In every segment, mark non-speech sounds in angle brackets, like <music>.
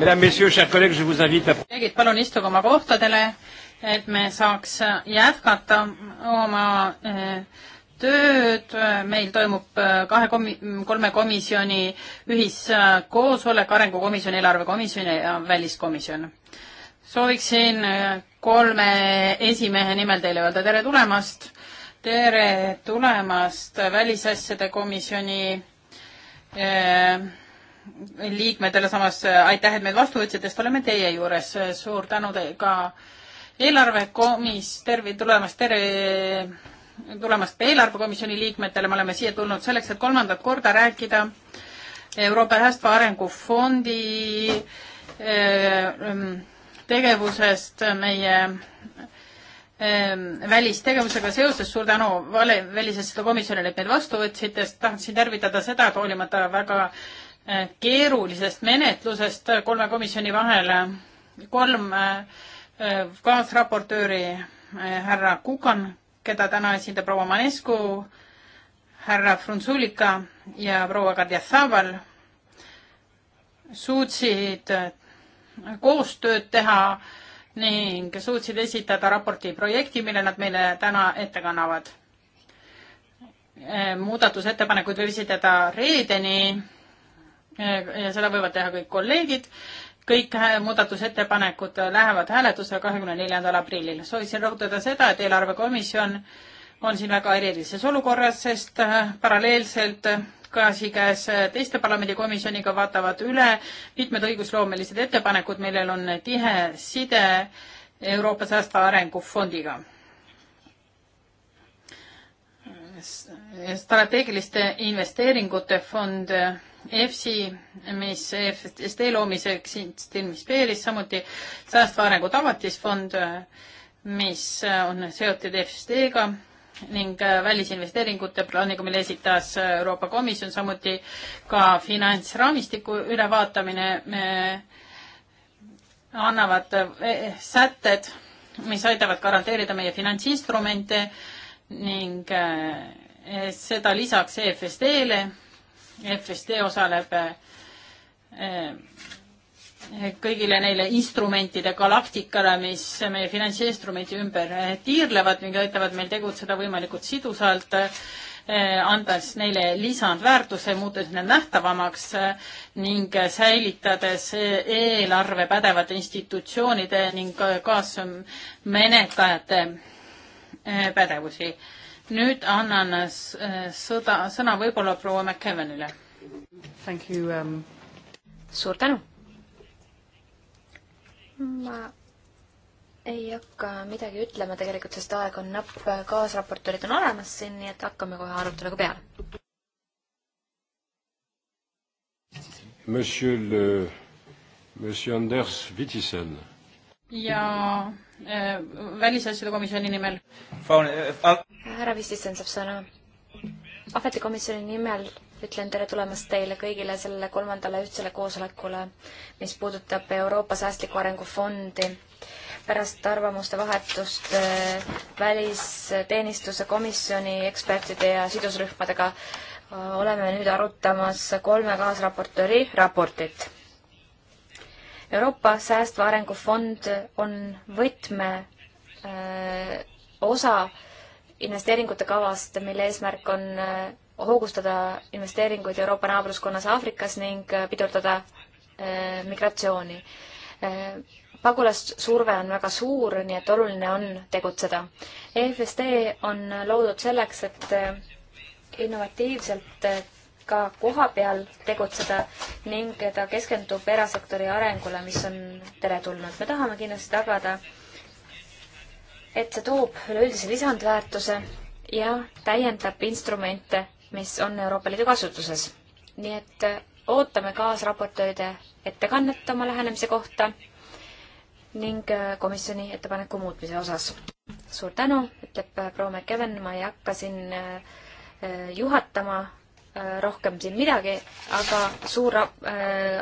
kolleegid, palun istuge oma kohtadele, et me saaks jätkata oma eh, tööd, meil toimub eh, kahe komi-, kolme komisjoni ühiskoosolek, Arengukomisjon, Eelarvekomisjon ja Väliskomisjon. sooviksin eh, kolme esimehe nimel teile öelda tere tulemast, tere tulemast Välisasjade komisjoni äh, liikmetele, samas äh, aitäh, et meid vastu võtsite, sest oleme teie juures. suur tänu te ka eelarvekomis-, tervi-, tulemast, tere tulemast eelarvekomisjoni liikmetele, me oleme siia tulnud selleks, et kolmandat korda rääkida Euroopa Säästva Arengufondi äh, ähm, tegevusest meie ähm, välistegevusega seoses suur tänu vale, välisasjade komisjonile, et meid vastu võtsite, tahaksin tervitada seda, et hoolimata väga äh, keerulisest menetlusest kolme komisjoni vahel. kolm äh, kaasraportööri, äh, härra Kukan, keda täna esindab proua Manescu, härra Frunzulika ja proua Kadjasaval, suutsid äh, koostööd teha ning suutsid esitada raporti projekti, mille nad meile täna ette kannavad. muudatusettepanekuid võib esitada reedeni ja seda võivad teha kõik kolleegid. kõik muudatusettepanekud lähevad hääletusele kahekümne neljandal aprillil. soovisin rõhutada seda, et eelarvekomisjon on siin väga erilises olukorras, sest äh, paralleelselt käsikäes äh, teiste parlamendikomisjoniga vaatavad üle mitmed õigusloomelised ettepanekud, millel on tihe side Euroopa Säästva Arengufondiga strateegiliste investeeringute fond EFSI, mis EFSD loomiseks inspireeris, samuti säästva arengu tagatisfond, mis on seotud EFSD-ga ning välisinvesteeringute plaaniga, mille esitas Euroopa Komisjon, samuti ka finantsraamistiku ülevaatamine annavad eh, sätted, mis aitavad garanteerida meie finantsinstrumente ning eh, seda lisaks EFSD-le FSD osaleb eh, kõigile neile instrumentide galaktikale, mis meie finantsinstrumenti ümber eh, tiirlevad ning aitavad meil tegutseda võimalikult sidusalt, eh, andes neile lisandväärtuse, muutes need nähtavamaks ning säilitades eelarve pädevate institutsioonide ning kaasmenetlejate pädevusi nüüd annan äh, sõda, sõna võib-olla proua McKevenile. Thank you um.... suur tänu. ma ei hakka midagi ütlema tegelikult, sest aeg on napp, kaasraportöörid on olemas siin, nii et hakkame kohe aruteluga peale. Monsieur le, Monsieur Anders Vitisen. ja Äh, välisasjade komisjoni nimel. Äh, härra Vistisen saab sõna. ametikomisjoni nimel ütlen tere tulemast teile kõigile sellele kolmandale ühtsele koosolekule, mis puudutab Euroopa Säästliku Arengu Fondi. pärast arvamuste vahetust äh, välisteenistuse komisjoni ekspertide ja sidusrühmadega oleme nüüd arutamas kolme kaasraportööri raportit Euroopa Säästva Arengu Fond on võtme öö, äh, osa investeeringute kavast, mille eesmärk on äh, hoogustada investeeringuid Euroopa naabruskonnas Aafrikas ning äh, pidurdada öö, migratsiooni. pagulassurve on väga suur, nii et oluline on tegutseda. EFSD on loodud selleks, et innovatiivselt ka kohapeal tegutseda ning ta keskendub erasektori arengule, mis on teretulnud. me tahame kindlasti tagada, et see toob üleüldise lisandväärtuse ja täiendab instrumente, mis on Euroopa Liidu kasutuses. nii et ootame kaasraportööride ettekannet oma lähenemise kohta ning komisjoni ettepaneku muutmise osas. suur tänu, ütleb proua McEwen, ma ei hakka siin eh, juhatama Äh, rohkem siin midagi, aga suur äh,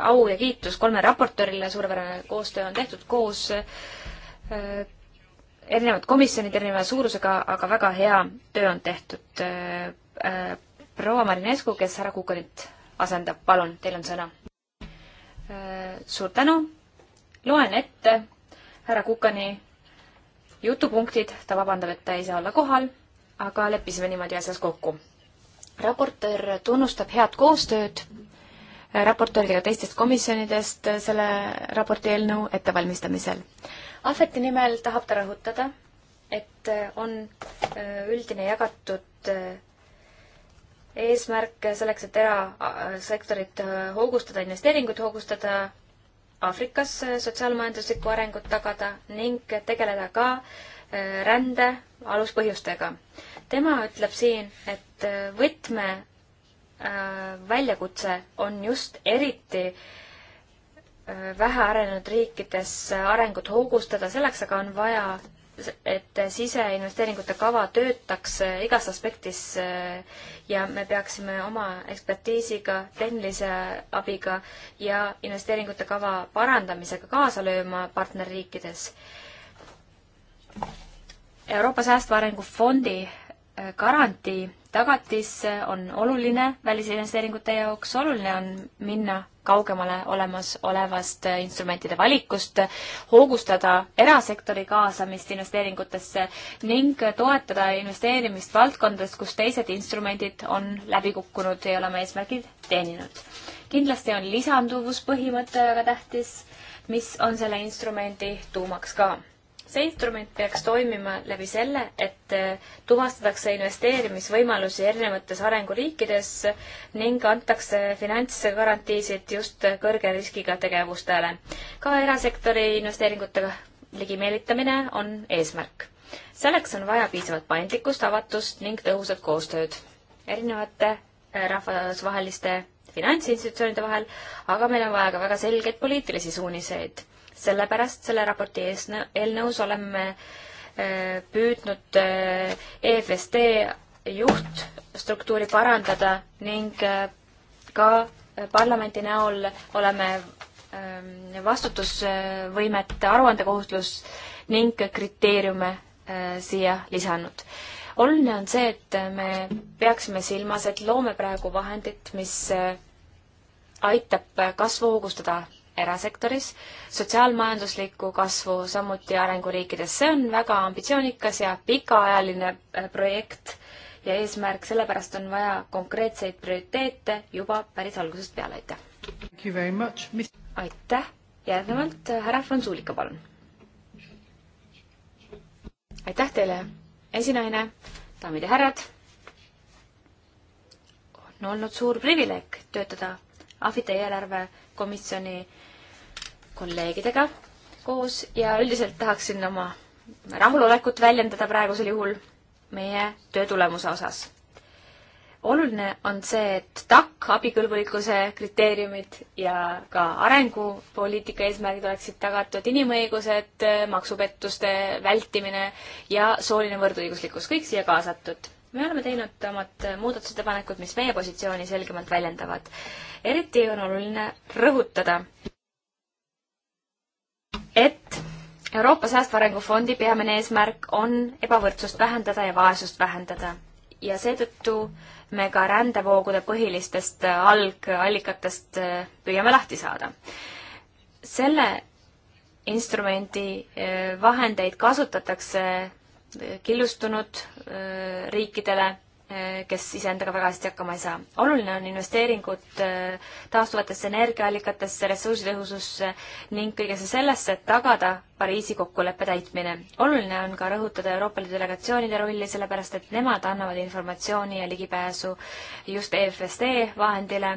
au ja kiitus kolme raportöörile, suurepärane koostöö on tehtud koos äh, erinevad komisjonid erineva suurusega, aga väga hea töö on tehtud. proua Marinescu, kes härra Kukanit asendab, palun, teil on sõna. suur tänu, loen ette härra Kukani jutupunktid, ta vabandab, et ta ei saa olla kohal, aga leppisime niimoodi asjas kokku raportöör tunnustab head koostööd äh, raportööridega teistest komisjonidest äh, selle raporti eelnõu ettevalmistamisel. Ahveti nimel tahab ta rõhutada, et äh, on üldine jagatud eesmärk selleks, et erasektorit hoogustada, investeeringuid hoogustada, Aafrikas sotsiaalmajanduslikku arengut tagada ning tegeleda ka rände aluspõhjustega tema ütleb siin, et äh, võtme äh, väljakutse on just eriti äh, vähearenenud riikides arengut hoogustada, selleks aga on vaja, et siseinvesteeringute kava töötaks igas aspektis ja me peaksime oma ekspertiisiga, tehnilise abiga ja investeeringute kava parandamisega kaasa lööma partnerriikides Euroopa Säästva Arengu Fondi garantii tagatis on oluline välisinvesteeringute jaoks, oluline on minna kaugemale olemasolevast instrumentide valikust, hoogustada erasektori kaasamist investeeringutesse ning toetada investeerimist valdkondades, kus teised instrumendid on läbi kukkunud, ei ole oma eesmärgid teeninud. kindlasti on lisanduvuspõhimõte väga tähtis, mis on selle instrumendi tuumaks ka see instrument peaks toimima läbi selle, et äh, tuvastatakse investeerimisvõimalusi erinevates arenguriikides ning antakse finantsgarantiisid just kõrge riskiga tegevustele. ka erasektori investeeringute ligimeelitamine on eesmärk. selleks on vaja piisavat paindlikkust, avatust ning tõhusat koostööd erinevate äh, rahvusvaheliste finantsinstitutsioonide vahel, aga meil on vaja ka väga selgeid poliitilisi suuniseid sellepärast selle raporti ees, eelnõus oleme äh, püüdnud äh, EFSD juhtstruktuuri parandada ning äh, ka parlamendi näol oleme ähm, vastutusvõimet, aruandekohustus ning kriteeriume siia lisanud. oluline on see, et me peaksime silmas, et loome praegu vahendit, mis aitab kasvu hoogustada erasektoris, sotsiaalmajanduslikku kasvu samuti arenguriikides. see on väga ambitsioonikas ja pikaajaline äh, projekt ja eesmärk, sellepärast on vaja konkreetseid prioriteete juba päris algusest peale, aitäh! aitäh! järgnevalt äh, härra Fransuulika, palun! aitäh teile, esinaine, daamid ja härrad! on olnud suur privileeg töötada AFIT-e eelarvekomisjoni kolleegidega koos ja üldiselt tahaksin oma rahulolekut väljendada praegusel juhul meie töö tulemuse osas. oluline on see, et TAK abikõlbulikkuse kriteeriumid ja ka arengupoliitika eesmärgid oleksid tagatud, inimõigused, maksupettuste vältimine ja sooline võrdõiguslikkus, kõik siia kaasatud me oleme teinud omad muudatusettepanekud, mis meie positsiooni selgemalt väljendavad. eriti on oluline rõhutada, et Euroopa Säästva Arengu Fondi peamine eesmärk on ebavõrdsust vähendada ja vaesust vähendada. ja seetõttu me ka rändevoogude põhilistest algallikatest äh, püüame lahti saada. selle instrumendi äh, vahendeid kasutatakse äh, killustunud riikidele Eh, kes iseendaga väga hästi hakkama ei saa. oluline on investeeringud eh, taastuvatesse energiaallikatesse, ressursitõhususse ning kõigesse sellesse, et tagada Pariisi kokkuleppe täitmine. oluline on ka rõhutada Euroopa Liidu delegatsioonide rolli, sellepärast et nemad annavad informatsiooni ja ligipääsu just EFSD vahendile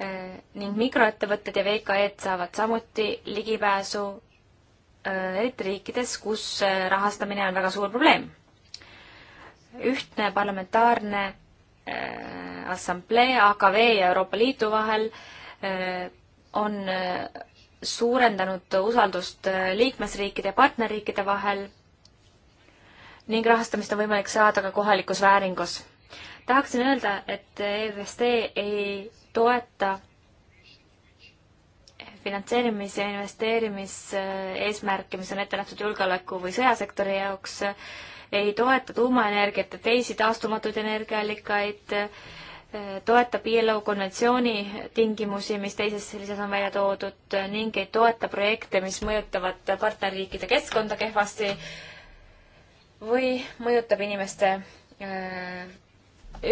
eh, ning mikroettevõtted ja VKE-d saavad samuti ligipääsu eriti riikides, kus rahastamine on väga suur probleem ühtne parlamentaarne äh, assamblee AKV ja Euroopa Liidu vahel äh, on äh, suurendanud usaldust liikmesriikide ja partnerriikide vahel ning rahastamist on võimalik saada ka kohalikus vääringus. tahaksin öelda, et EVSD ei toeta finantseerimis- ja investeerimiseesmärke, mis on ette nähtud julgeoleku või sõjasektori jaoks äh, ei toeta tuumaenergiat ja teisi taastumatuid energiaallikaid, toetab ILO konventsiooni tingimusi, mis teises sellises on välja toodud ning ei toeta projekte, mis mõjutavad partnerriikide keskkonda kehvasti või mõjutab inimeste äh,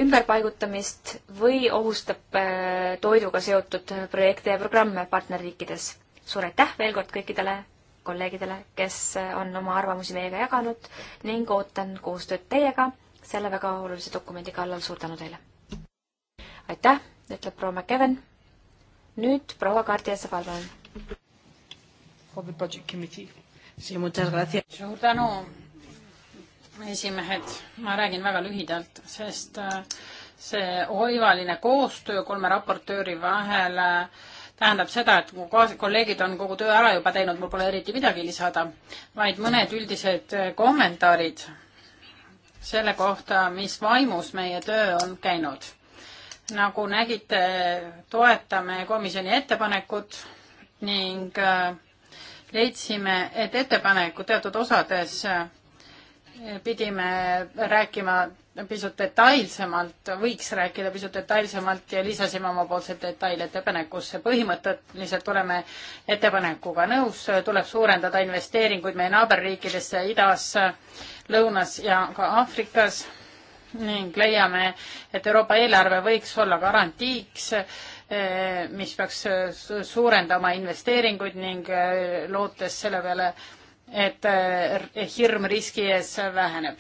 ümberpaigutamist või ohustab äh, toiduga seotud projekte ja programme partnerriikides. suur aitäh veel kord kõikidele kolleegidele, kes on oma arvamusi meiega jaganud ning ootan koostööd teiega selle väga olulise dokumendi kallal, suur tänu teile! aitäh, ütleb proua McEwen. nüüd proua Kardi Essepal, palun. suur tänu, esimehed, ma räägin väga lühidalt, sest äh, see oivaline koostöö kolme raportööri vahel äh, tähendab seda, et mu kolleegid on kogu töö ära juba teinud, mul pole eriti midagi lisada, vaid mõned üldised äh, kommentaarid selle kohta, mis vaimus meie töö on käinud. nagu nägite, toetame komisjoni ettepanekut ning äh, leidsime, et ettepaneku teatud osades äh, pidime rääkima pisut detailsemalt, võiks rääkida pisut detailsemalt ja lisasime omapoolsed detailid ettepanekusse. põhimõtteliselt oleme ettepanekuga nõus, tuleb suurendada investeeringuid meie naaberriikidesse idas, lõunas ja ka Aafrikas ning leiame, et Euroopa eelarve võiks olla garantiiks, eh, mis peaks suurendama investeeringuid ning eh, lootes selle peale äh, et eh, hirm riski ees väheneb.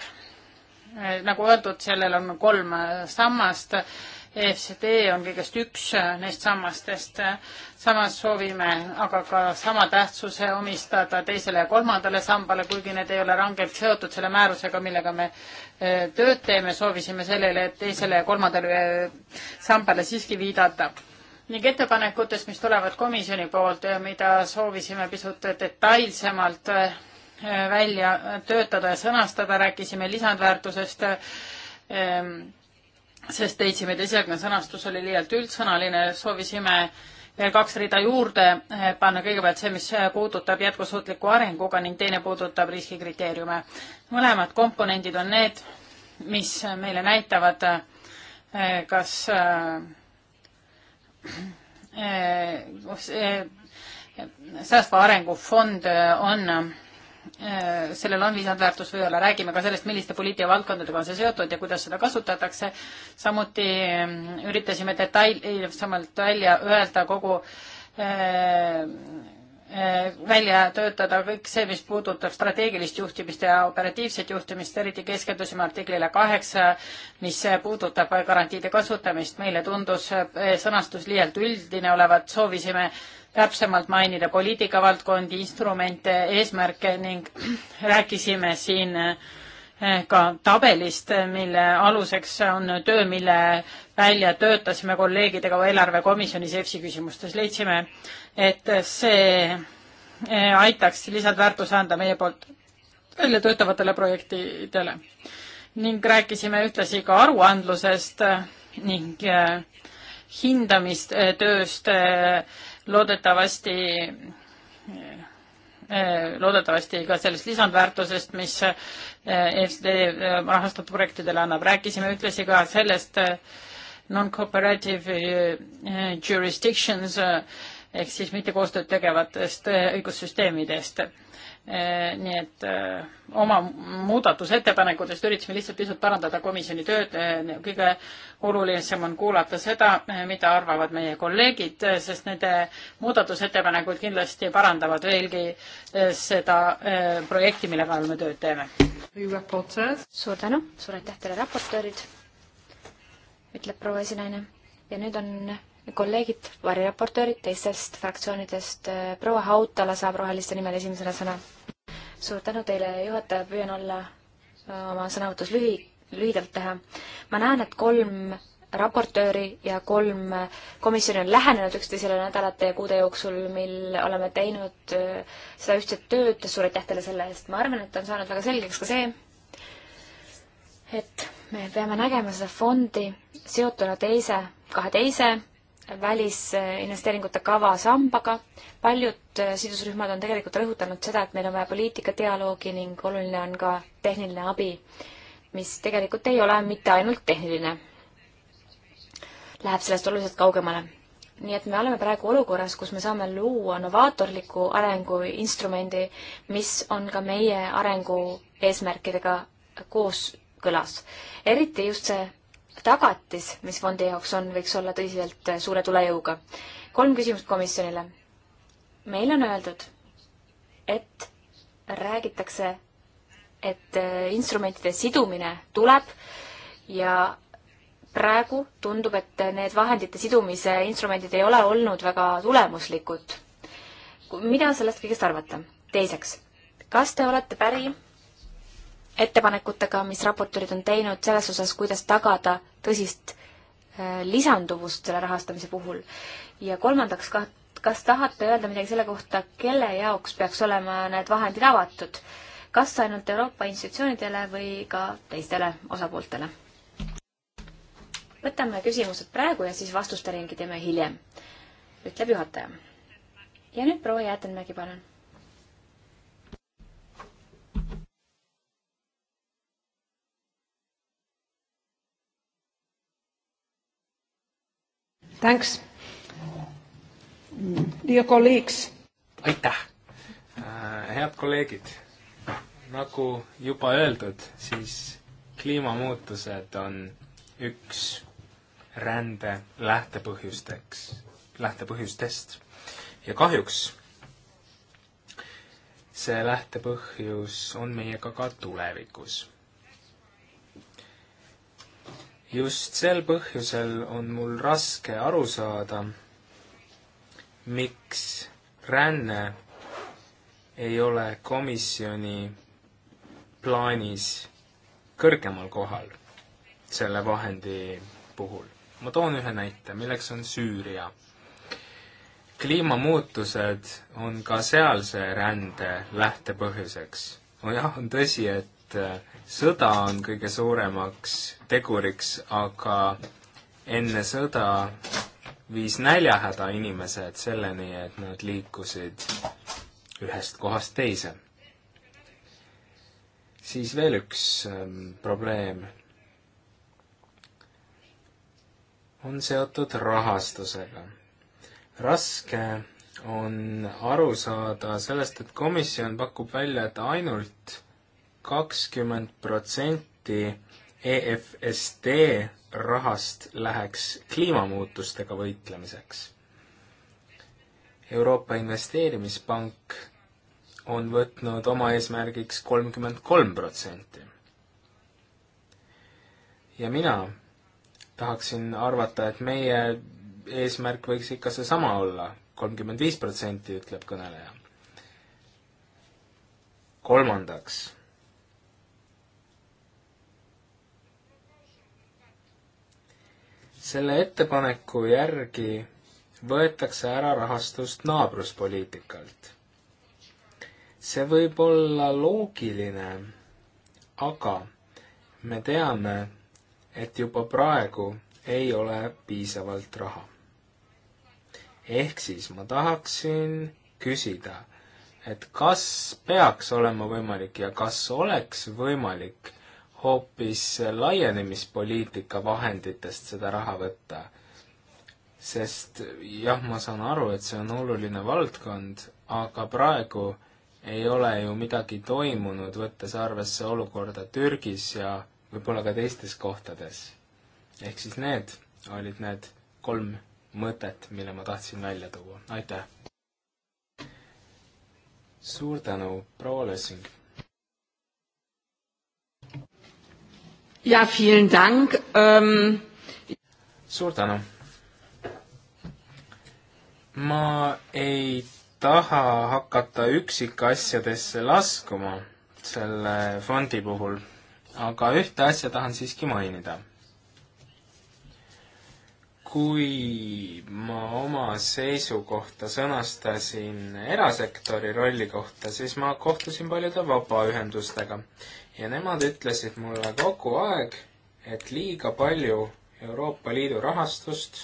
Eh, nagu öeldud, sellel on kolm sammast. EFCD on kõigest üks neist sammastest. samas soovime aga ka sama tähtsuse omistada teisele ja kolmandale sambale, kuigi need ei ole rangelt seotud selle määrusega, millega me eh, tööd teeme. soovisime sellele teisele ja kolmandale sambale siiski viidata ning ettepanekutest, mis tulevad komisjoni poolt ja mida soovisime pisut detailsemalt äh, välja töötada ja sõnastada, rääkisime lisandväärtusest, ähm, sest leidsime, et esialgne sõnastus oli liialt üldsõnaline, soovisime veel kaks rida juurde äh, panna, kõigepealt see, mis puudutab jätkusuutliku arenguga ning teine puudutab riskikriteeriume. mõlemad komponendid on need, mis meile näitavad, äh, kas äh, Äh, äh, säästva arengufond äh, on, sellel on lisandväärtus või ei ole, räägime ka sellest, milliste poliitikavaldkondadega on see seotud ja kuidas seda kasutatakse. samuti üritasime detailsemalt välja öelda kogu Äh, välja töötada kõik see, mis puudutab strateegilist juhtimist ja operatiivset juhtimist, eriti keskendusime artiklile kaheksa, mis puudutab garantiide kasutamist. meile tundus äh, sõnastus liialt üldine olevat, soovisime täpsemalt mainida poliitikavaldkondi, instrumente, eesmärke ning <clears throat> rääkisime siin äh, Eh, ka tabelist, eh, mille aluseks on töö, mille välja töötasime kolleegidega eelarvekomisjonis EFSI küsimustes. leidsime, et see eh, aitaks lisandväärtuse anda meie poolt välja töötavatele projektidele. ning rääkisime ühtlasi ka aruandlusest ning hindamistööst loodetavasti Eh, loodetavasti ka sellest lisandväärtusest, mis EFD eh, e eh, rahastatud projektidele annab. rääkisime ühtlasi ka sellest non-cooperative jurisdictions ehk siis mitte koostööd tegevatest äh, õigussüsteemidest. Äh, nii et äh, oma muudatusettepanekutest üritasime lihtsalt pisut parandada komisjoni tööd. kõige olulisem on kuulata seda, mida arvavad meie kolleegid, sest nende muudatusettepanekud kindlasti parandavad veelgi seda projekti, mille kallal me tööd teeme. suur tänu, suur aitäh teile, raportöörid, ütleb proua esinaine. ja nüüd on kolleegid, variraportöörid teistest fraktsioonidest, proua Hautala saab Roheliste nimel esimesena sõna. suur tänu teile, juhataja, püüan olla oma sõnavõtus lühi, lühidalt teha. ma näen, et kolm raportööri ja kolm komisjoni on lähenenud üksteisele nädalate ja kuude jooksul, mil oleme teinud seda ühtset tööd, suur aitäh teile selle eest, ma arvan, et on saanud väga selgeks ka see, et me peame nägema seda fondi seotuna teise, kahe teise välisinvesteeringute kava sambaga. paljud äh, sidusrühmad on tegelikult rõhutanud seda, et meil on vaja poliitikadialoogi ning oluline on ka tehniline abi, mis tegelikult ei ole mitte ainult tehniline. Läheb sellest oluliselt kaugemale. nii et me oleme praegu olukorras, kus me saame luua novaatorliku arenguinstrumendi, mis on ka meie arengu eesmärkidega kooskõlas. eriti just see tagatis, mis fondi jaoks on, võiks olla tõsiselt suure tulejõuga. kolm küsimust komisjonile. meile on öeldud, et räägitakse, et äh, instrumentide sidumine tuleb ja praegu tundub, et need vahendite sidumise instrumendid ei ole olnud väga tulemuslikud. mida sellest kõigest arvata? teiseks, kas te olete päri ettepanekutega, mis raportöörid on teinud selles osas, kuidas tagada tõsist äh, lisanduvust selle rahastamise puhul. ja kolmandaks, kas tahate öelda midagi selle kohta, kelle jaoks peaks olema need vahendid avatud? kas ainult Euroopa institutsioonidele või ka teistele osapooltele? võtame küsimused praegu ja siis vastuste ringi teeme hiljem, ütleb juhataja. ja nüüd proua Jäätenmägi, palun Thanks. Dear colleagues. aitäh. Äh, head kolleegid, nagu juba öeldud, siis kliimamuutused on üks rände lähtepõhjusteks, lähtepõhjustest. ja kahjuks see lähtepõhjus on meiega ka tulevikus just sel põhjusel on mul raske aru saada, miks ränne ei ole komisjoni plaanis kõrgemal kohal selle vahendi puhul. ma toon ühe näite, milleks on Süüria. kliimamuutused on ka sealse rände lähtepõhjuseks. nojah, on tõsi, et et äh, sõda on kõige suuremaks teguriks, aga enne sõda viis näljahäda inimesed selleni, et nad liikusid ühest kohast teise. siis veel üks ähm, probleem on seotud rahastusega. raske on aru saada sellest, et komisjon pakub välja, et ainult kakskümmend protsenti EFSD rahast läheks kliimamuutustega võitlemiseks. Euroopa Investeerimispank on võtnud oma eesmärgiks kolmkümmend kolm protsenti. ja mina tahaksin arvata, et meie eesmärk võiks ikka seesama olla, kolmkümmend viis protsenti, ütleb kõneleja. kolmandaks selle ettepaneku järgi võetakse ära rahastust naabruspoliitikalt. see võib olla loogiline, aga me teame, et juba praegu ei ole piisavalt raha. ehk siis ma tahaksin küsida, et kas peaks olema võimalik ja kas oleks võimalik hoopis laienemispoliitika vahenditest seda raha võtta. sest jah, ma saan aru, et see on oluline valdkond, aga praegu ei ole ju midagi toimunud, võttes arvesse olukorda Türgis ja võib-olla ka teistes kohtades. ehk siis need olid need kolm mõtet, mille ma tahtsin välja tuua, aitäh! suur tänu, proua Lessing! ja, vielen Dank ähm.... suur tänu. ma ei taha hakata üksikasjadesse laskuma selle fondi puhul, aga ühte asja tahan siiski mainida. kui ma oma seisukohta sõnastasin erasektori rolli kohta, siis ma kohtusin paljude vabaühendustega ja nemad ütlesid mulle kogu aeg, et liiga palju Euroopa Liidu rahastust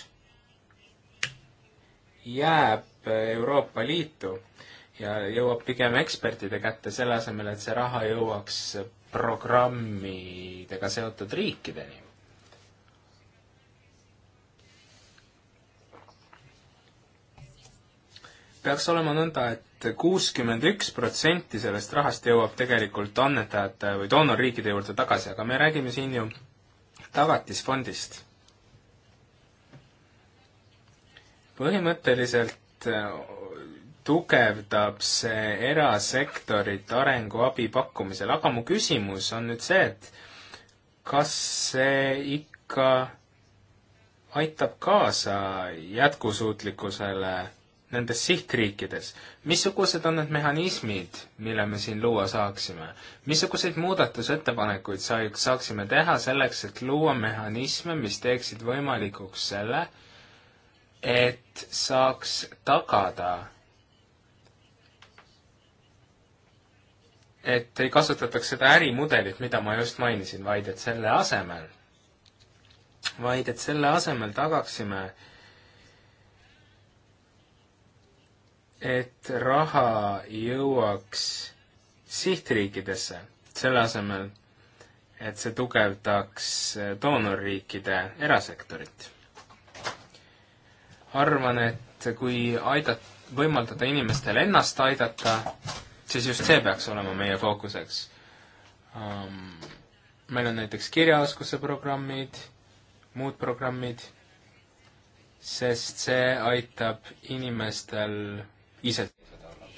jääb Euroopa Liitu ja jõuab pigem ekspertide kätte, selle asemel, et see raha jõuaks programmidega seotud riikideni. peaks olema nõnda, et et kuuskümmend üks protsenti sellest rahast jõuab tegelikult annetajate või doonorriikide juurde tagasi, aga me räägime siin ju tagatisfondist. põhimõtteliselt äh, tugevdab see erasektorit arenguabi pakkumisel, aga mu küsimus on nüüd see, et kas see ikka aitab kaasa jätkusuutlikkusele nendes sihtriikides. missugused on need mehhanismid, mille me siin luua saaksime? missuguseid muudatusettepanekuid sa-, saaksime teha selleks, et luua mehhanisme, mis teeksid võimalikuks selle, et saaks tagada, et ei kasutataks seda ärimudelit, mida ma just mainisin, vaid et selle asemel, vaid et selle asemel tagaksime äh, et raha jõuaks sihtriikidesse, selle asemel, et see tugevdaks doonorriikide erasektorit. arvan, et kui aidat-, võimaldada inimestel ennast aidata, siis just see peaks olema meie fookuseks um,. meil on näiteks kirjaoskuse programmid, muud programmid, sest see aitab inimestel ise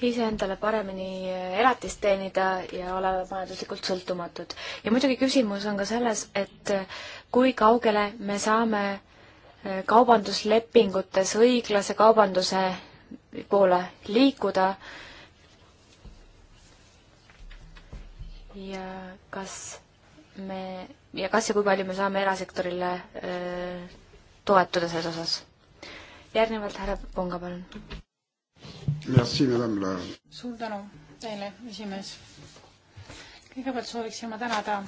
iseendale paremini elatist teenida ja olema majanduslikult sõltumatud. ja muidugi küsimus on ka selles, et kui kaugele me saame eh, kaubanduslepingutes õiglase kaubanduse poole liikuda ja kas me ja kas ja kui palju me saame erasektorile öö, eh, toetuda selles osas? järgnevalt härra Ponga, palun suur tänu teile, esimees. kõigepealt sooviksin ma tänada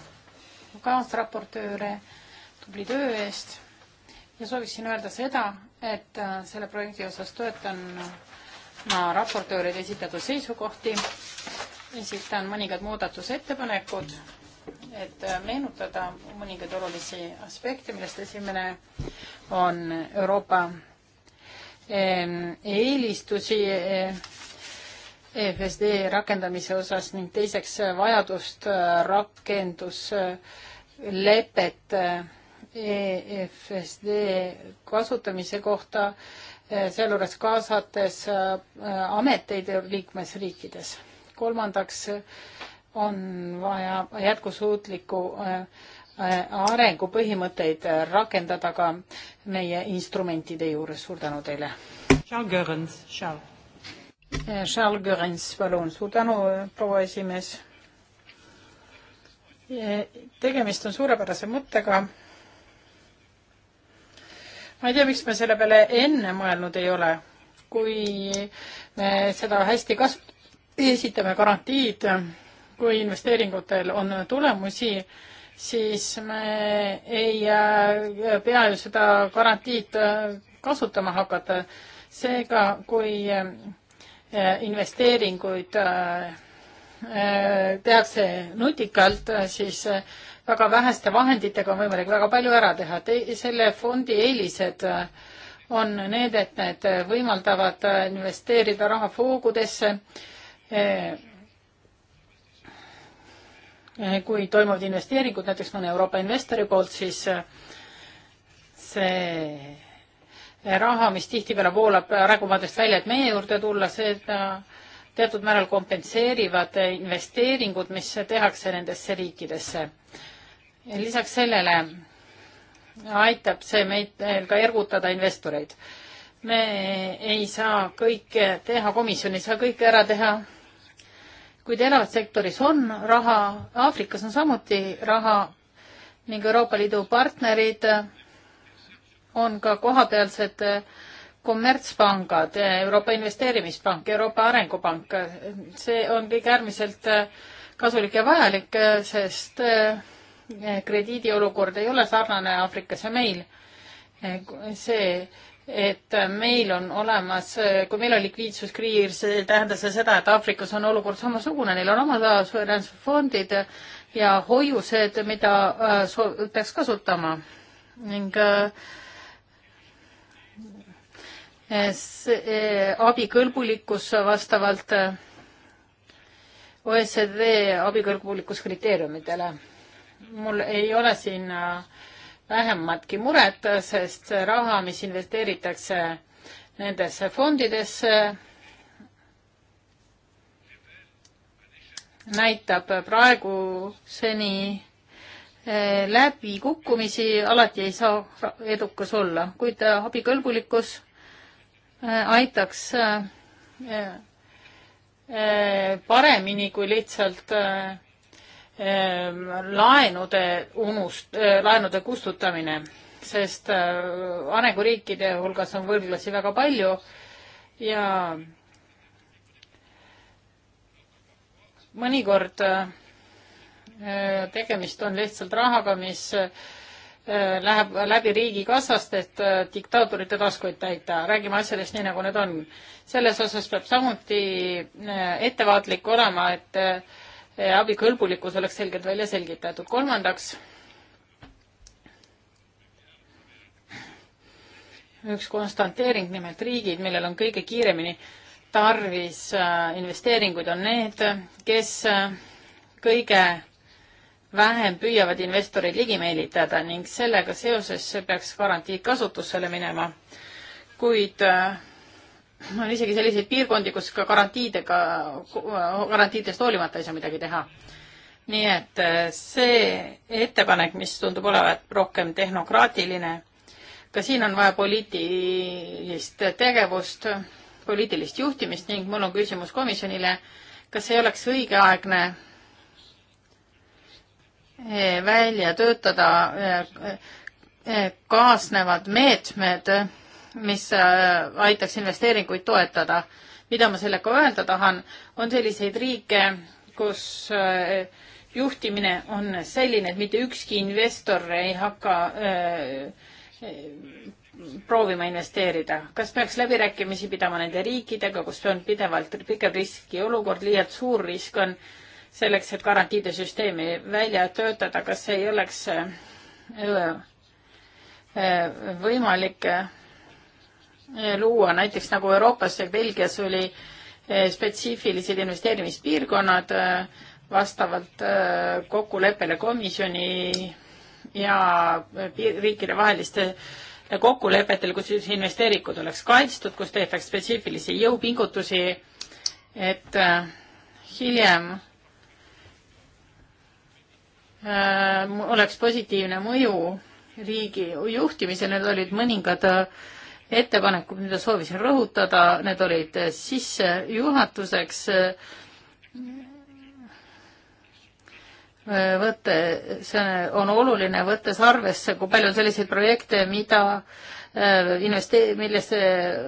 kaasraportööre tubli töö eest ja sooviksin öelda seda, et äh, selle projekti osas toetan ma raportööride esitatud seisukohti, esitan mõningad muudatusettepanekud, et äh, meenutada mõningaid olulisi aspekte, millest esimene on Euroopa eelistusi EFSD eh, e rakendamise osas ning teiseks eh, vajadust eh, rakenduslepet EFSD e kasutamise kohta, sealjuures kaasates ameteid liikmesriikides. kolmandaks on vaja jätkusuutlikku Äh, arengupõhimõtteid rakendada ka meie instrumentide juures. suur tänu teile. Charles Görens, Charles. Äh, Charles Görens, palun. suur tänu, äh, proua esimees. tegemist on suurepärase mõttega. ma ei tea, miks me selle peale enne mõelnud ei ole, kui me seda hästi kas-, esitame garantiid, kui investeeringutel on tulemusi siis me ei äh, pea ju seda garantiid äh, kasutama hakata. seega, kui äh, investeeringuid tehakse nutikalt, siis väga väheste vahenditega on võimalik väga palju ära teha. selle fondi eelised on need, et need võimaldavad investeerida raha voogudesse Eh, kui toimuvad investeeringud näiteks mõne Euroopa investori poolt, siis eh, see raha, mis tihtipeale voolab arengumaadest välja, et meie juurde tulla, seda teatud määral kompenseerivad investeeringud, mis tehakse nendesse riikidesse. lisaks sellele aitab see meid ka ergutada investoreid. me ei saa kõike teha, komisjon ei saa kõike ära teha kuid erasektoris on raha, Aafrikas on samuti raha ning Euroopa Liidu partnerid on ka kohapealsed kommertspangad, Euroopa Investeerimispank, Euroopa Arengupank. see on kõik äärmiselt kasulik ja vajalik, sest eh, krediidiolukord ei ole sarnane Aafrikas ja meil see, et meil on olemas, kui meil on likviidsuskriis, tähendas see seda, et Aafrikas on olukord samasugune, neil on omad äh, suveräänsusfondid ja hoiused, mida äh, so-, peaks kasutama ning äh, see abikõlbulikkus vastavalt OECD abikõlbulikkuskriteeriumidele. mul ei ole siin äh, vähematki muret, sest see raha, mis investeeritakse nendesse fondidesse, näitab praeguseni eh, läbikukkumisi, alati ei saa edukas olla, kuid eh, abikõlbulikkus eh, aitaks paremini kui lihtsalt äh, Ehm, laenude unust, eh, laenude kustutamine, sest eh, arenguriikide hulgas on võlglasi väga palju ja mõnikord eh, tegemist on lihtsalt rahaga, mis läheb läbi riigikassast, et diktaatorite taskuid täita. räägime asjadest nii, nagu need on. selles osas peab samuti ettevaatlik olema, et abikõlbulikkus oleks selgelt välja selgitatud. kolmandaks, üks konstanteering, nimelt riigid, millel on kõige kiiremini tarvis äh, investeeringuid, on need, kes äh, kõige vähem püüavad investoreid ligi meelitada ning sellega seoses peaks garantiid kasutusele minema. kuid äh, on isegi selliseid piirkondi, kus ka garantiidega, garantiidest hoolimata ei saa midagi teha. nii et äh, see ettepanek, mis tundub olevat rohkem tehnokraatiline, ka siin on vaja poliitilist tegevust, poliitilist juhtimist ning mul on küsimus komisjonile, kas ei oleks õigeaegne äh, välja töötada äh, kaasnevad meetmed, mis äh, aitaks investeeringuid toetada. mida ma sellega öelda tahan, on selliseid riike, kus äh, juhtimine on selline, et mitte ükski investor ei hakka äh, proovima investeerida. kas peaks läbirääkimisi pidama nende riikidega, kus on pidevalt pikev riskiolukord, liialt suur risk on selleks, et garantiide süsteemi välja töötada, kas ei oleks võimalik Eh, luua, näiteks nagu Euroopas ja Belgias oli eh, spetsiifilised investeerimispiirkonnad eh, vastavalt kokkuleppele komisjoni ja riikide vaheliste kokkulepetel, kus siis investeeringud oleks kaitstud, kus tehtaks spetsiifilisi jõupingutusi, et hiljem oleks positiivne mõju riigi juhtimisel, need olid mõningad äh, ettepanekud, mida soovisin rõhutada, need olid sissejuhatuseks. võte, see on oluline, võttes arvesse, kui palju on selliseid projekte, mida äh, investee-, millesse,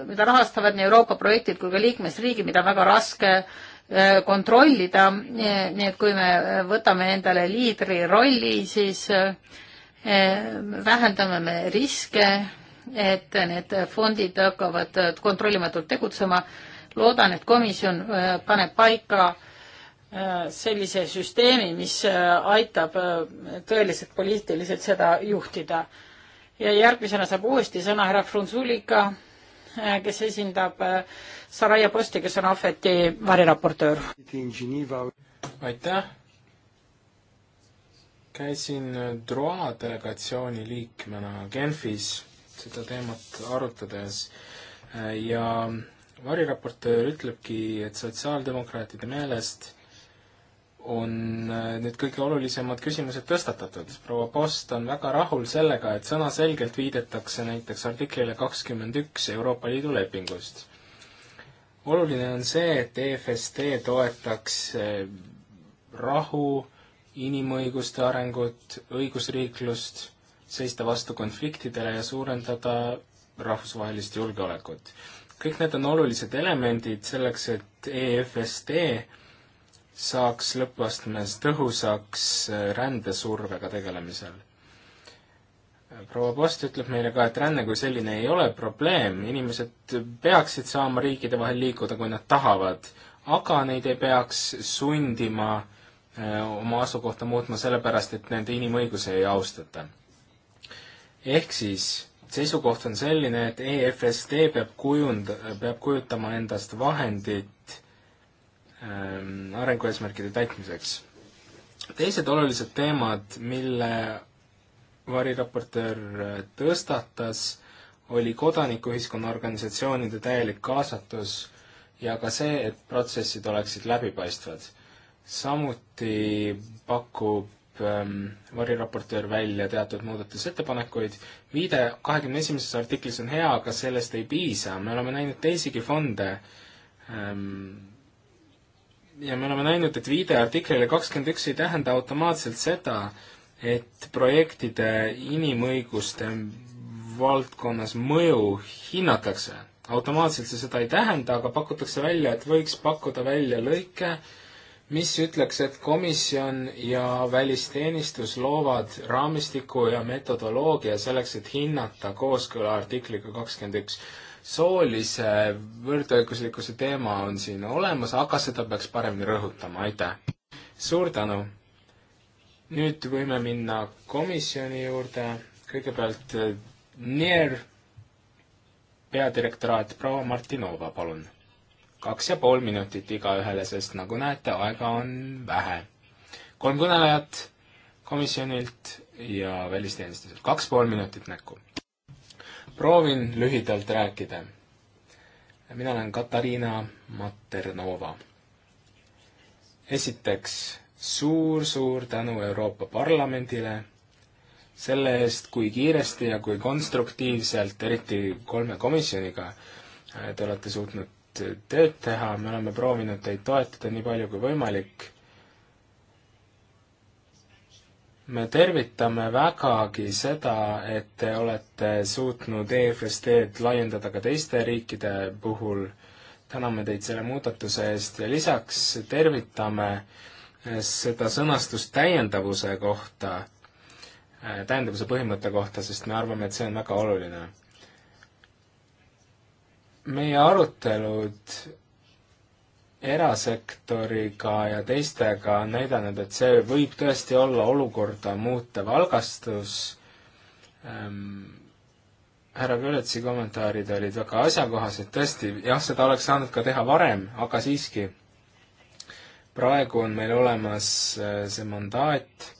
mida rahastavad nii Euroopa projektid kui ka liikmesriigid, mida on väga raske äh, kontrollida, nii et kui me võtame endale liidri rolli, siis äh, vähendame me riske et need fondid hakkavad kontrollimatult tegutsema. loodan, et komisjon äh, paneb paika äh, sellise süsteemi, mis äh, aitab tõeliselt poliitiliselt seda juhtida. ja järgmisena saab uuesti sõna härra Frunzulika, kes esindab Saraja Posti, kes on Ahveti variraportöör. aitäh! käisin DROA delegatsiooni liikmena Genfis seda teemat arutades ja variraportöör ütlebki, et sotsiaaldemokraatide meelest on need kõige olulisemad küsimused tõstatatud. proua Post on väga rahul sellega, et sõnaselgelt viidetakse näiteks artiklile kakskümmend üks Euroopa Liidu lepingust. oluline on see, et EFST toetaks eh, rahu, inimõiguste arengut, õigusriiklust seista vastu konfliktidele ja suurendada rahvusvahelist julgeolekut. kõik need on olulised elemendid selleks, et EFSD saaks lõppastmes tõhusaks rändesurvega tegelemisel. proua Post ütleb meile ka, et ränne kui selline ei ole probleem, inimesed peaksid saama riikide vahel liikuda, kui nad tahavad, aga neid ei peaks sundima eh, oma asukohta muutma sellepärast, et nende inimõigusi ei austata ehk siis seisukoht on selline, et EFSD peab kujund-, peab kujutama endast vahendit ähm, arengueesmärkide täitmiseks. teised olulised teemad, mille variraportöör äh, tõstatas, oli kodanikuühiskonna organisatsioonide täielik kaasatus ja ka see, et protsessid oleksid läbipaistvad. samuti pakub ähm, variraportöör välja teatud muudatusettepanekuid. viide kahekümne esimeses artiklis on hea, aga sellest ei piisa, me oleme näinud teisigi fonde ähm,, ja me oleme näinud, et viide artiklile kakskümmend üks ei tähenda automaatselt seda, et projektide inimõiguste valdkonnas mõju hinnatakse. automaatselt see seda ei tähenda, aga pakutakse välja, et võiks pakkuda välja lõike äh, mis ütleks, et komisjon ja välisteenistus loovad raamistiku ja metodoloogia selleks, et hinnata kooskõla artikliga kakskümmend üks. soolise võrdõiguslikkuse teema on siin olemas, aga seda peaks paremini rõhutama, aitäh! suur tänu! nüüd võime minna komisjoni juurde, kõigepealt NIR peadirektoraat, proua Martinova, palun kaks ja pool minutit igaühele, sest nagu näete, aega on vähe. kolm kõnelejat komisjonilt ja välisteenistuselt, kaks pool minutit näkku. proovin lühidalt rääkida. mina olen Katariina Maternova. esiteks suur-suur tänu Euroopa Parlamendile selle eest, kui kiiresti ja kui konstruktiivselt, eriti kolme komisjoniga, te olete suutnud tööd teha, me oleme proovinud teid toetada nii palju kui võimalik. me tervitame vägagi seda, et te olete suutnud EFSD-d laiendada ka teiste riikide puhul. täname teid selle muudatuse eest ja lisaks tervitame eh, seda sõnastust täiendavuse kohta, eh, täiendavuse põhimõtte kohta, sest me arvame, et see on väga oluline meie arutelud erasektoriga ja teistega on näidanud, et see võib tõesti olla olukorda muutev algastus ähm,. härra Kõletsi kommentaarid olid väga asjakohased, tõesti, jah, seda oleks saanud ka teha varem, aga siiski, praegu on meil olemas eh, see mandaat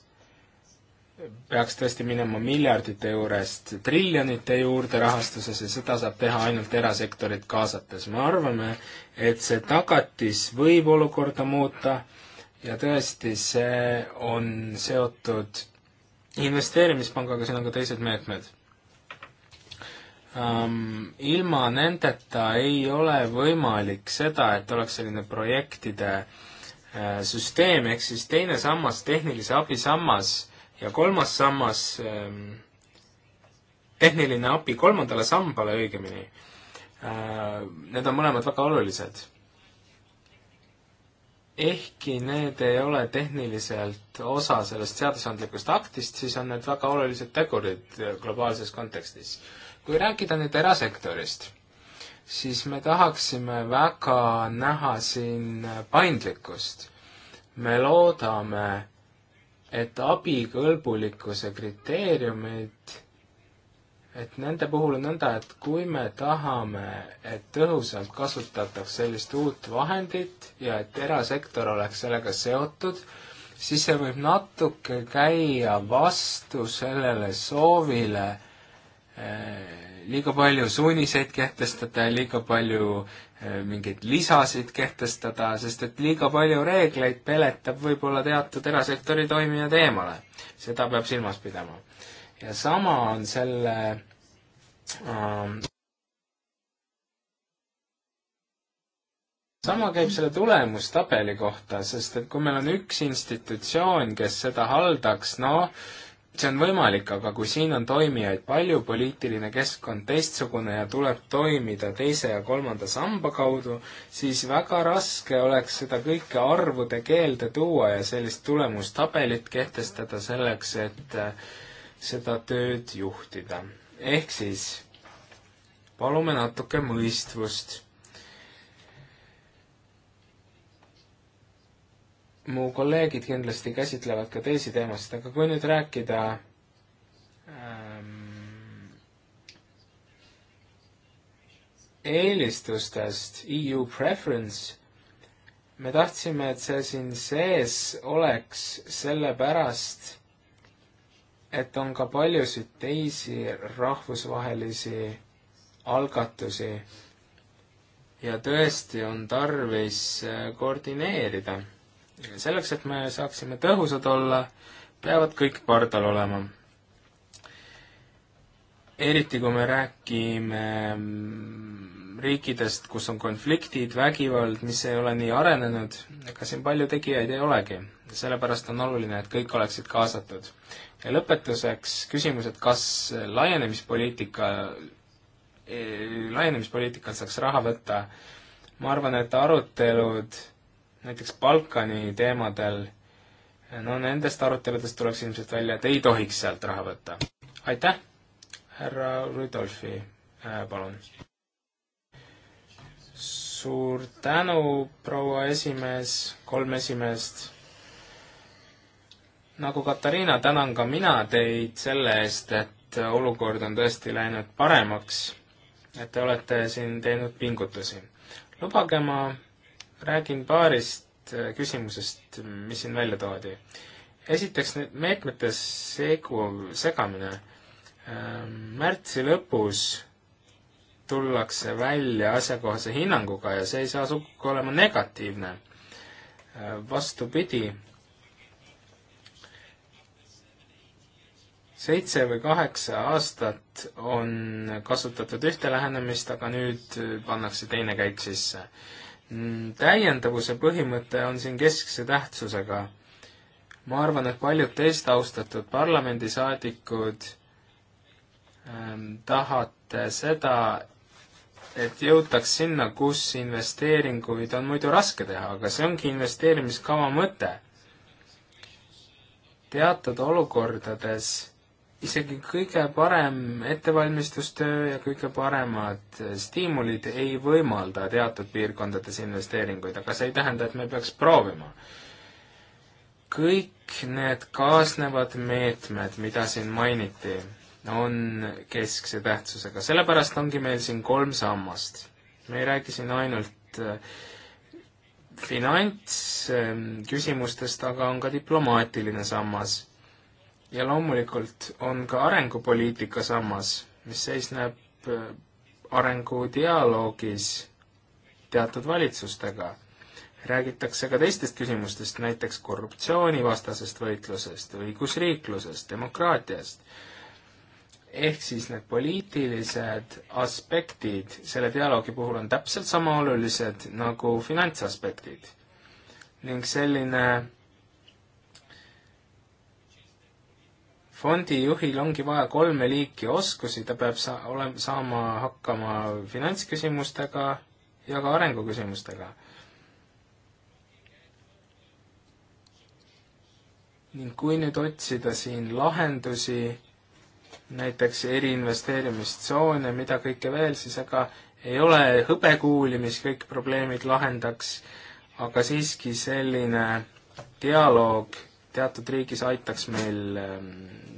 peaks tõesti minema miljardite juurest triljonite juurde rahastuses ja seda saab teha ainult erasektorit kaasates. me arvame, et see tagatis võib olukorda muuta ja tõesti, see on seotud investeerimispangaga, siin on ka teised meetmed um,. ilma nendeta ei ole võimalik seda, et oleks selline projektide äh, süsteem, ehk siis teine sammas, tehnilise abi sammas ja kolmas sammas, ähm, tehniline abi kolmandale sambale õigemini, äh, need on mõlemad väga olulised. ehkki need ei ole tehniliselt osa sellest seadusandlikust aktist, siis on need väga olulised tegurid globaalses kontekstis. kui rääkida nüüd erasektorist, siis me tahaksime väga näha siin paindlikkust. me loodame, et abikõlbulikkuse kriteeriumid, et nende puhul on nõnda, et kui me tahame, et tõhusalt kasutataks sellist uut vahendit ja et erasektor oleks sellega seotud, siis see võib natuke käia vastu sellele soovile eh, liiga palju suuniseid kehtestada ja liiga palju Äh, mingeid lisasid kehtestada, sest et liiga palju reegleid peletab võib-olla teatud erasektori toimijad eemale. seda peab silmas pidama. ja sama on selle ähm, sama käib selle tulemustabeli kohta, sest et kui meil on üks institutsioon, kes seda haldaks, noh, see on võimalik, aga kui siin on toimijaid palju, poliitiline keskkond teistsugune ja tuleb toimida teise ja kolmanda samba kaudu, siis väga raske oleks seda kõike arvude keelde tuua ja sellist tulemustabelit kehtestada selleks, et äh, seda tööd juhtida. ehk siis palume natuke mõistvust mu kolleegid kindlasti käsitlevad ka teisi teemasid, aga kui nüüd rääkida ähm, eelistustest, EU preference, me tahtsime, et see siin sees oleks sellepärast, et on ka paljusid teisi rahvusvahelisi algatusi ja tõesti on tarvis äh, koordineerida selleks, et me saaksime tõhusad olla, peavad kõik pardal olema. eriti, kui me räägime mm, riikidest, kus on konfliktid, vägivald, mis ei ole nii arenenud, ega siin palju tegijaid ei olegi. sellepärast on oluline, et kõik oleksid kaasatud. ja lõpetuseks küsimus, et kas laienemispoliitika, eh, laienemispoliitikalt saaks raha võtta. ma arvan, et arutelud näiteks Balkani teemadel, no nendest aruteludest tuleks ilmselt välja, et ei tohiks sealt raha võtta. aitäh, härra Rudolfi äh,, palun. suur tänu, proua esimees, kolm esimeest. nagu Katariina, tänan ka mina teid selle eest, et olukord on tõesti läinud paremaks, et te olete siin teinud pingutusi. lubage ma räägin paarist äh, küsimusest, mis siin välja toodi. esiteks need meetmete segu, segamine. Ähm, märtsi lõpus tullakse välja asjakohase hinnanguga ja see ei saa sugugi olema negatiivne. Äh, vastupidi, seitse või kaheksa aastat on kasutatud ühte lähenemist, aga nüüd pannakse teine käik sisse Mm, täiendavuse põhimõte on siin keskse tähtsusega. ma arvan, et paljud teist austatud parlamendisaadikud ähm, tahate seda, et jõutaks sinna, kus investeeringuid on muidu raske teha, aga see ongi investeerimiskava mõte. teatud olukordades isegi kõige parem ettevalmistustöö ja kõige paremad äh, stiimulid ei võimalda teatud piirkondades investeeringuid, aga see ei tähenda, et me peaks proovima. kõik need kaasnevad meetmed, mida siin mainiti, on keskse tähtsusega, sellepärast ongi meil siin kolm sammast. me ei räägi siin ainult äh, finantsküsimustest, äh, aga on ka diplomaatiline sammas ja loomulikult on ka arengupoliitika sammas, mis seisneb äh, arengudialoogis teatud valitsustega. räägitakse ka teistest küsimustest, näiteks korruptsioonivastasest võitlusest, õigusriiklusest, demokraatiast. ehk siis need poliitilised aspektid selle dialoogi puhul on täpselt sama olulised nagu finantsaspektid. ning selline fondijuhil ongi vaja kolme liiki oskusi, ta peab sa-, olema, saama hakkama finantsküsimustega ja ka arenguküsimustega. ning kui nüüd otsida siin lahendusi, näiteks eriinvesteerimistsoone, mida kõike veel, siis ega ei ole hõbekuuli, mis kõik probleemid lahendaks, aga siiski selline dialoog teatud riigis aitaks meil ehm,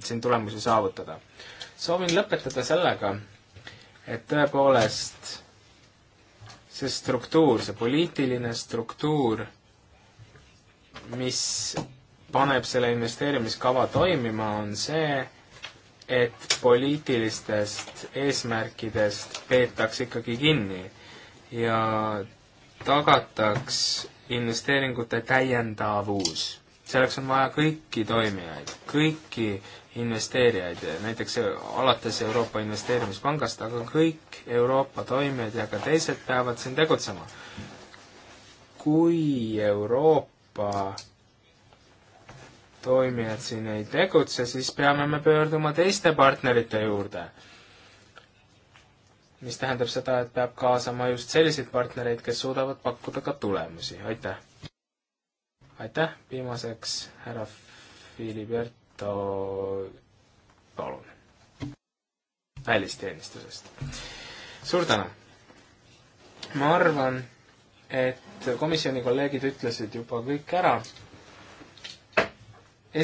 siin tulemusi saavutada. soovin lõpetada sellega, et tõepoolest see struktuur, see poliitiline struktuur, mis paneb selle investeerimiskava toimima, on see, et poliitilistest eesmärkidest peetakse ikkagi kinni ja tagataks investeeringute täiendavus selleks on vaja kõiki toimijaid, kõiki investeerijaid, näiteks alates Euroopa Investeerimispangast, aga kõik Euroopa toimijad ja ka teised peavad siin tegutsema. kui Euroopa toimijad siin ei tegutse, siis peame me pöörduma teiste partnerite juurde. mis tähendab seda, et peab kaasama just selliseid partnereid, kes suudavad pakkuda ka tulemusi, aitäh! aitäh, viimaseks härra Filiberto, palun, välisteenistusest. suur tänu! ma arvan, et komisjoni kolleegid ütlesid juba kõik ära.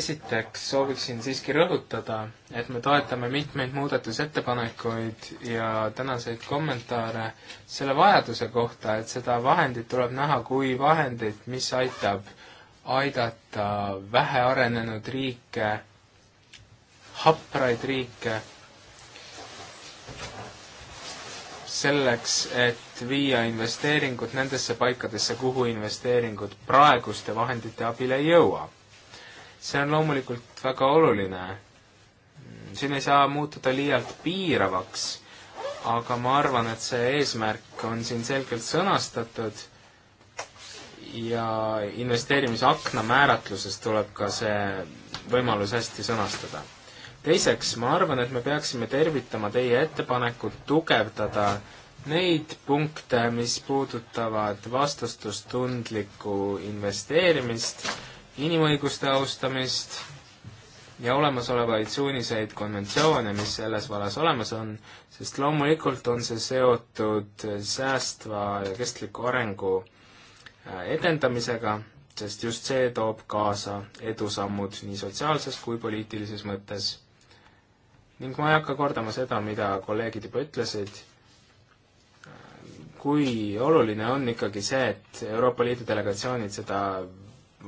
esiteks sooviksin siiski rõhutada, et me toetame mitmeid muudatusettepanekuid ja tänaseid kommentaare selle vajaduse kohta, et seda vahendit tuleb näha kui vahendit, mis aitab aidata vähearenenud riike, hapraid riike, selleks, et viia investeeringud nendesse paikadesse, kuhu investeeringud praeguste vahendite abil ei jõua. see on loomulikult väga oluline. siin ei saa muutuda liialt piiravaks, aga ma arvan, et see eesmärk on siin selgelt sõnastatud ja investeerimisakna määratluses tuleb ka see võimalus hästi sõnastada. teiseks, ma arvan, et me peaksime tervitama teie ettepanekut tugevdada neid punkte, mis puudutavad vastutustundlikku investeerimist, inimõiguste austamist ja olemasolevaid suuniseid, konventsioone, mis selles vallas olemas on, sest loomulikult on see seotud säästva ja kestliku arengu Äh, edendamisega, sest just see toob kaasa edusammud nii sotsiaalses kui poliitilises mõttes. ning ma ei hakka kordama seda, mida kolleegid juba ütlesid, kui oluline on ikkagi see, et Euroopa Liidu delegatsioonid seda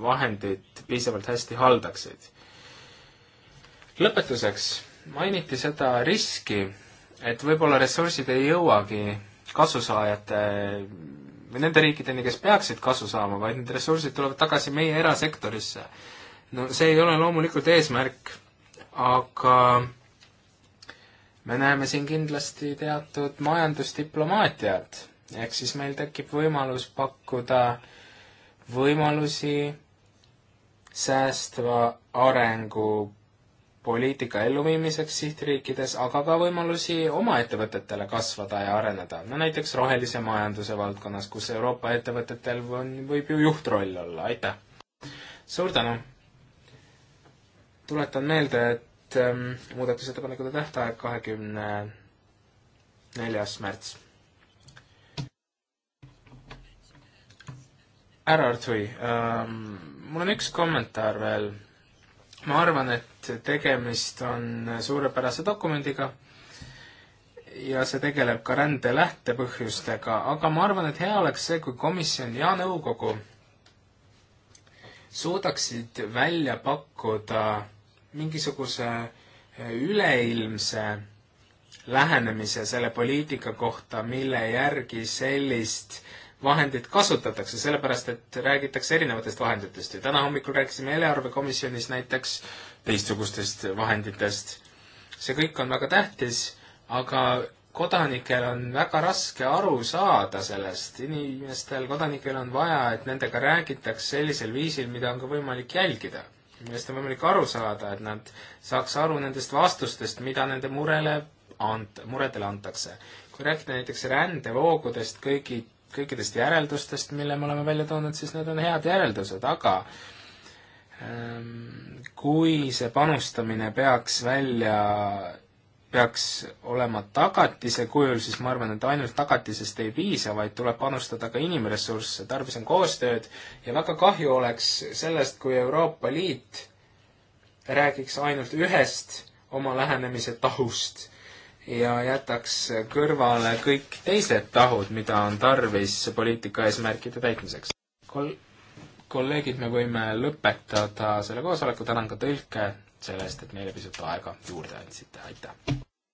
vahendit piisavalt hästi haldaksid. lõpetuseks mainiti seda riski, et võib-olla ressursid ei jõuagi kasusaajate nende riikideni, kes peaksid kasu saama, vaid need ressursid tulevad tagasi meie erasektorisse. no see ei ole loomulikult eesmärk, aga me näeme siin kindlasti teatud majandusdiplomaatiat, ehk siis meil tekib võimalus pakkuda võimalusi säästva arengu poliitika elluviimiseks sihtriikides, aga ka võimalusi oma ettevõtetele kasvada ja areneda. no näiteks rohelise majanduse valdkonnas, kus Euroopa ettevõtetel on, võib ju juhtroll olla, aitäh! suur tänu! tuletan meelde, et ähm, muudatusettepanekute tähtaeg kahekümne neljas märts. härra Artui ähm,, mul on üks kommentaar veel ma arvan, et tegemist on suurepärase dokumendiga ja see tegeleb ka rände lähtepõhjustega, aga ma arvan, et hea oleks see, kui komisjon ja nõukogu suudaksid välja pakkuda mingisuguse üleilmse lähenemise selle poliitika kohta, mille järgi sellist äh, vahendid kasutatakse, sellepärast et räägitakse erinevatest vahenditest ja täna hommikul rääkisime eelarvekomisjonis näiteks teistsugustest vahenditest. see kõik on väga tähtis, aga kodanikel on väga raske aru saada sellest, inimestel, kodanikel on vaja, et nendega räägitaks sellisel viisil, mida on ka võimalik jälgida. millest on võimalik aru saada, et nad saaks aru nendest vastustest, mida nende murele ant-, muredele antakse. kui rääkida näiteks rändevoogudest kõigi kõikidest järeldustest, mille me oleme välja toonud, siis need on head järeldused, aga ähm, kui see panustamine peaks välja, peaks olema tagatise kujul, siis ma arvan, et ainult tagatisest ei piisa, vaid tuleb panustada ka inimressursse, tarvis on koostööd ja väga kahju oleks sellest, kui Euroopa Liit räägiks ainult ühest oma lähenemise tahust ja jätaks kõrvale kõik teised tahud, mida on tarvis poliitika eesmärkide täitmiseks. Kol-, kolleegid, me võime lõpetada selle koosoleku, tänan ka tõlke selle eest, et meile pisut aega juurde andsite, aitäh!